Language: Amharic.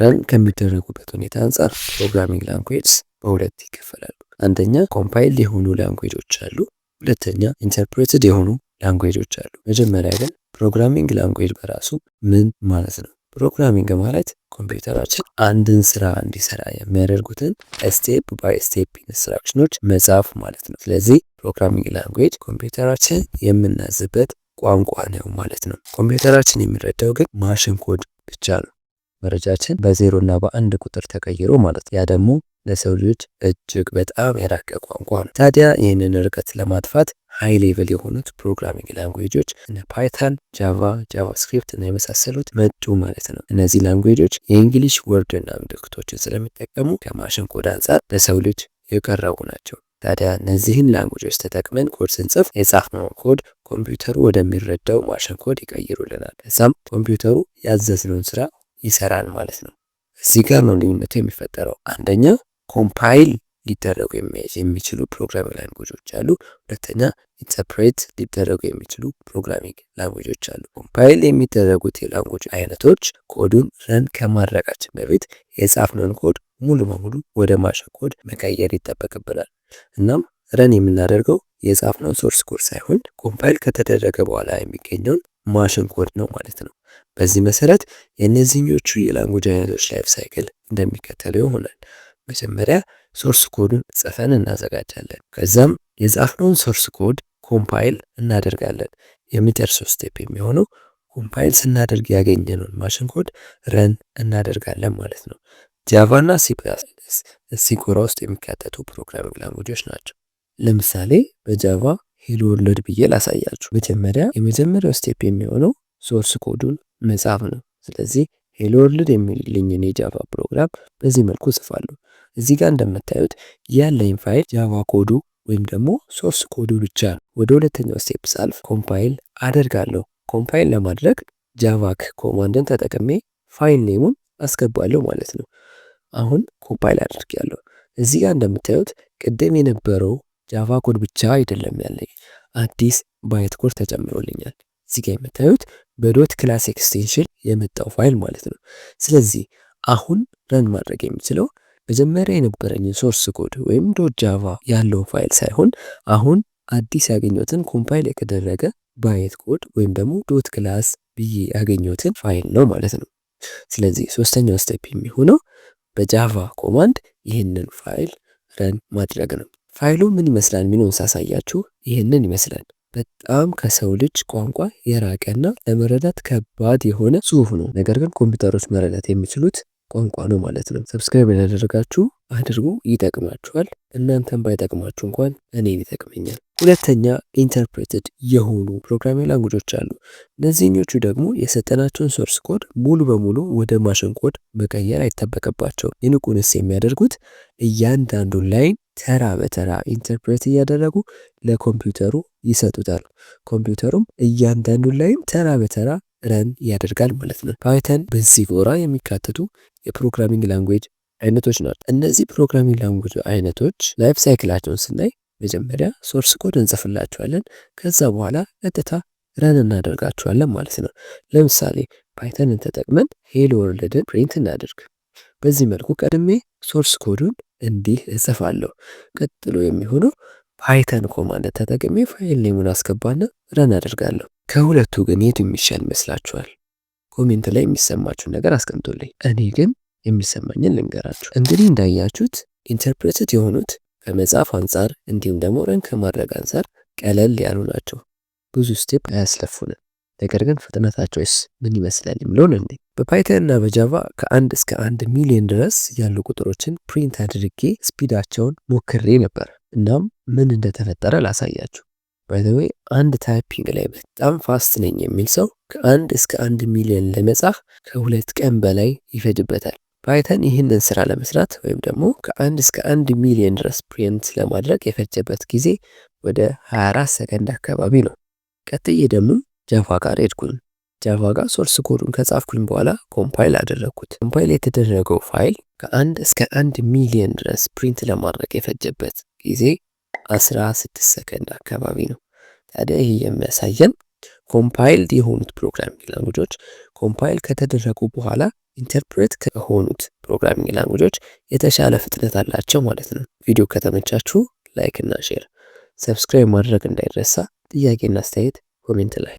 ረን ከሚደረጉበት ሁኔታ አንጻር ፕሮግራሚንግ ላንጉዌጅስ በሁለት ይከፈላሉ። አንደኛ ኮምፓይል የሆኑ ላንጉዌጆች አሉ። ሁለተኛ ኢንተርፕሬትድ የሆኑ ላንጉዌጆች አሉ። መጀመሪያ ግን ፕሮግራሚንግ ላንጉዌጅ በራሱ ምን ማለት ነው? ፕሮግራሚንግ ማለት ኮምፒውተራችን አንድን ስራ እንዲሰራ የሚያደርጉትን ስቴፕ ባይ ስቴፕ ኢንስትራክሽኖች መጻፍ ማለት ነው። ስለዚህ ፕሮግራሚንግ ላንጉዌጅ ኮምፒውተራችን የምናዝበት ቋንቋ ነው ማለት ነው። ኮምፒውተራችን የሚረዳው ግን ማሽን ኮድ ብቻ ነው። መረጃችን በዜሮ እና በአንድ ቁጥር ተቀይሮ ማለት ነው። ያ ደግሞ ለሰው ልጆች እጅግ በጣም የራቀ ቋንቋ ነው። ታዲያ ይህንን ርቀት ለማጥፋት ሃይ ሌቭል የሆኑት ፕሮግራሚንግ ላንጉጆች እነ ፓይታን፣ ጃቫ፣ ጃቫስክሪፕት እና የመሳሰሉት መጡ ማለት ነው። እነዚህ ላንጉጆች የእንግሊሽ ወርድና ምልክቶችን ስለሚጠቀሙ ከማሽን ኮድ አንጻር ለሰው ልጅ የቀረቡ ናቸው። ታዲያ እነዚህን ላንጉጆች ተጠቅመን ኮድ ስንጽፍ የጻፍነው ኮድ ኮምፒውተሩ ወደሚረዳው ማሽን ኮድ ይቀይሩልናል። ከዛም ኮምፒውተሩ ያዘዝነውን ስራ ይሰራል ማለት ነው። እዚህ ጋር ነው ልዩነቱ የሚፈጠረው። አንደኛ ኮምፓይል ሊደረጉ የሚችሉ ፕሮግራሚንግ ላንጉጆች አሉ። ሁለተኛ ኢንተርፕሬት ሊደረጉ የሚችሉ ፕሮግራሚንግ ላንጉጆች አሉ። ኮምፓይል የሚደረጉት የላንጉጅ አይነቶች ኮዱን ረን ከማድረጋችን በፊት የጻፍነውን ኮድ ሙሉ በሙሉ ወደ ማሽን ኮድ መቀየር ይጠበቅብናል። እናም ረን የምናደርገው የጻፍነውን ሶርስ ኮድ ሳይሆን ኮምፓይል ከተደረገ በኋላ የሚገኘውን ማሽን ኮድ ነው ማለት ነው። በዚህ መሰረት የእነዚህኞቹ የላንጉጅ አይነቶች ላይፍ ሳይክል እንደሚከተለው ይሆናል። መጀመሪያ ሶርስ ኮዱን ጽፈን እናዘጋጃለን። ከዛም የጻፍነውን ሶርስ ኮድ ኮምፓይል እናደርጋለን። የመጨረሻው ስቴፕ የሚሆነው ኮምፓይል ስናደርግ ያገኘነውን ማሽን ኮድ ረን እናደርጋለን ማለት ነው። ጃቫና ሲ ፕላስ እዚህ ውስጥ የሚካተቱ ፕሮግራሚንግ ላንጉጆች ናቸው። ለምሳሌ በጃቫ ሄሎ ወርልድ ብዬ ላሳያችሁ። መጀመሪያ የመጀመሪያው ስቴፕ የሚሆነው ሶርስ ኮዱን መጻፍ ነው። ስለዚህ ሄሎ ወርልድ የሚልኝን የጃቫ ፕሮግራም በዚህ መልኩ ጽፋለሁ። እዚህ ጋር እንደምታዩት ያለኝ ፋይል ጃቫ ኮዱ ወይም ደግሞ ሶርስ ኮዱ ብቻ ነው። ወደ ሁለተኛው ስቴፕ ሳልፍ ኮምፓይል አደርጋለሁ። ኮምፓይል ለማድረግ ጃቫክ ኮማንድን ተጠቅሜ ፋይል ኔሙን አስገባለሁ ማለት ነው። አሁን ኮምፓይል አድርጊያለሁ። እዚህ ጋር እንደምታዩት ቅድም የነበረው ጃቫ ኮድ ብቻ አይደለም ያለኝ፣ አዲስ ባይት ኮድ ተጨምሮልኛል። እዚህ ጋር የምታዩት በዶት ክላስ ኤክስቴንሽን የመጣው ፋይል ማለት ነው። ስለዚህ አሁን ረን ማድረግ የምችለው መጀመሪያ የነበረኝን ሶርስ ኮድ ወይም ዶት ጃቫ ያለው ፋይል ሳይሆን አሁን አዲስ ያገኘትን ኮምፓይል የተደረገ ባየት ኮድ ወይም ደግሞ ዶት ክላስ ብዬ ያገኘትን ፋይል ነው ማለት ነው። ስለዚህ ሶስተኛው ስቴፕ የሚሆነው በጃቫ ኮማንድ ይህንን ፋይል ረን ማድረግ ነው። ፋይሉ ምን ይመስላል የሚለውን ሳሳያችሁ ይህንን ይመስላል። በጣም ከሰው ልጅ ቋንቋ የራቀና ለመረዳት ከባድ የሆነ ጽሁፍ ነው። ነገር ግን ኮምፒውተሮች መረዳት የሚችሉት ቋንቋ ነው ማለት ነው። ሰብስክራይብ ያላደረጋችሁ አድርጉ፣ ይጠቅማችኋል። እናንተም ባይጠቅማችሁ እንኳን እኔን ይጠቅመኛል። ሁለተኛ ኢንተርፕሬትድ የሆኑ ፕሮግራሚንግ ላንጉጆች አሉ። እነዚህኞቹ ደግሞ የሰጠናቸውን ሶርስ ኮድ ሙሉ በሙሉ ወደ ማሽን ኮድ መቀየር አይጠበቅባቸው። የንቁንስ የሚያደርጉት እያንዳንዱ ላይን ተራ በተራ ኢንተርፕሬት እያደረጉ ለኮምፒውተሩ ይሰጡታል። ኮምፒውተሩም እያንዳንዱ ላይም ተራ በተራ ረን ያደርጋል ማለት ነው። ፓይተን በዚህ ጎራ የሚካተቱ የፕሮግራሚንግ ላንጉጅ አይነቶች ናቸው። እነዚህ ፕሮግራሚንግ ላንጉጅ አይነቶች ላይፍ ሳይክላቸውን ስናይ መጀመሪያ ሶርስ ኮድ እንጽፍላቸዋለን። ከዛ በኋላ ቀጥታ ረን እናደርጋቸዋለን ማለት ነው። ለምሳሌ ፓይተንን ተጠቅመን ሄሎ ወርልድን ፕሪንት እናደርግ። በዚህ መልኩ ቀድሜ ሶርስ ኮዱን እንዲህ እጽፋለሁ። ቀጥሎ የሚሆነው ፓይተን ኮማንድ ተጠቅሜ ፋይል ኔሙን አስገባና ረን አደርጋለሁ። ከሁለቱ ግን የቱ የሚሻል ይመስላችኋል? ኮሜንት ላይ የሚሰማችሁን ነገር አስቀምጡልኝ። እኔ ግን የሚሰማኝን ልንገራችሁ። እንግዲህ እንዳያችሁት ኢንተርፕሬትድ የሆኑት ከመጽሐፍ አንጻር እንዲሁም ደግሞ ረን ከማድረግ አንጻር ቀለል ያሉ ናቸው። ብዙ ስቴፕ አያስለፉንም። ነገር ግን ፍጥነታቸውስ ምን ይመስላል የሚለውን እንዴ በፓይተን እና በጃቫ ከአንድ እስከ አንድ ሚሊዮን ድረስ ያሉ ቁጥሮችን ፕሪንት አድርጌ ስፒዳቸውን ሞክሬ ነበር። እናም ምን እንደተፈጠረ ላሳያችሁ። ባይዘዌ አንድ ታይፒንግ ላይ በጣም ፋስት ነኝ የሚል ሰው ከአንድ እስከ አንድ ሚሊዮን ለመጻፍ ከሁለት ቀን በላይ ይፈጅበታል። ፓይተን ይህንን ስራ ለመስራት ወይም ደግሞ ከአንድ እስከ አንድ ሚሊዮን ድረስ ፕሪንት ለማድረግ የፈጀበት ጊዜ ወደ 24 ሰከንድ አካባቢ ነው። ቀጥዬ ደግሞ ጃቫ ጋር ሄድኩኝ። ጃቫ ጋር ሶርስ ኮዱን ከጻፍኩኝ በኋላ ኮምፓይል አደረግኩት። ኮምፓይል የተደረገው ፋይል ከአንድ እስከ አንድ ሚሊዮን ድረስ ፕሪንት ለማድረግ የፈጀበት ጊዜ 16 ሰከንድ አካባቢ ነው። ታዲያ ይህ የሚያሳየን ኮምፓይልድ የሆኑት ፕሮግራሚንግ ላንጉጆች ኮምፓይል ከተደረጉ በኋላ ኢንተርፕሬት ከሆኑት ፕሮግራሚንግ ላንጉጆች የተሻለ ፍጥነት አላቸው ማለት ነው። ቪዲዮ ከተመቻችሁ ላይክ እና ሼር፣ ሰብስክራይብ ማድረግ እንዳይረሳ። ጥያቄና አስተያየት ኮሜንት ላይ